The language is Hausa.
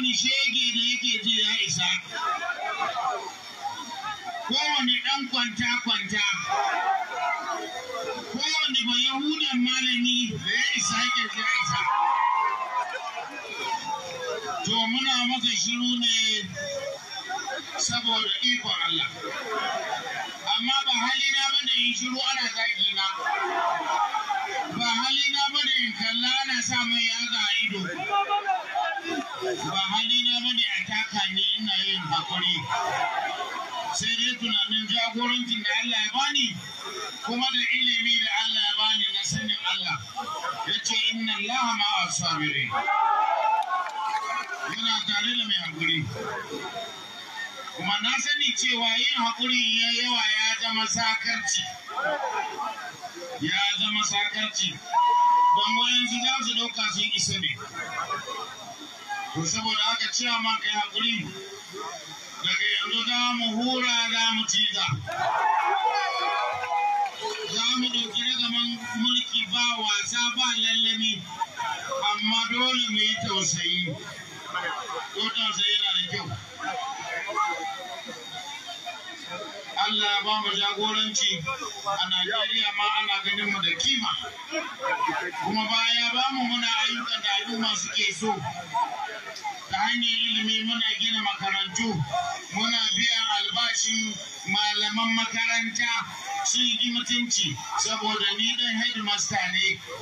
wani shege da yake ji ya isa kowane ɗan kwanta-kwanta kowane ba yahudan malami da ya isa ya ji ya isa to muna maka shiru ne saboda ikon Allah amma ba halina ba da yin shiru ana zaki na ba halina ba da yin kalla ana sa mai yaga a ido ba hali ba ne a taka ni ina yin hakuri sai dai tunanin jagorancin da Allah ya bani kuma da ilimi da Allah ya bani na sanin Allah ya ce inna Allah ma'a sabiri yana tare da mai hakuri kuma na sani cewa yin hakuri ya yawa ya zama sakarci ya zama sakarci don wayansu za su ɗauka sun isa ne saboda haka cewa man kai hakuri daga yanzu za mu hura za mu ciza za mu ɗauki ragaman mulki ba wasa ba lallami amma dole mu yi tausayi ko tausayi na da kyau Allah ya ba mu jagoranci a Najeriya ma ana ganin mu da kima kuma baya ba mu muna ayyukan da al'umma suke so ta hanyar ilimi muna gina makarantu muna biyan albashin malaman makaranta sun yi mutunci saboda ni dan headmaster ne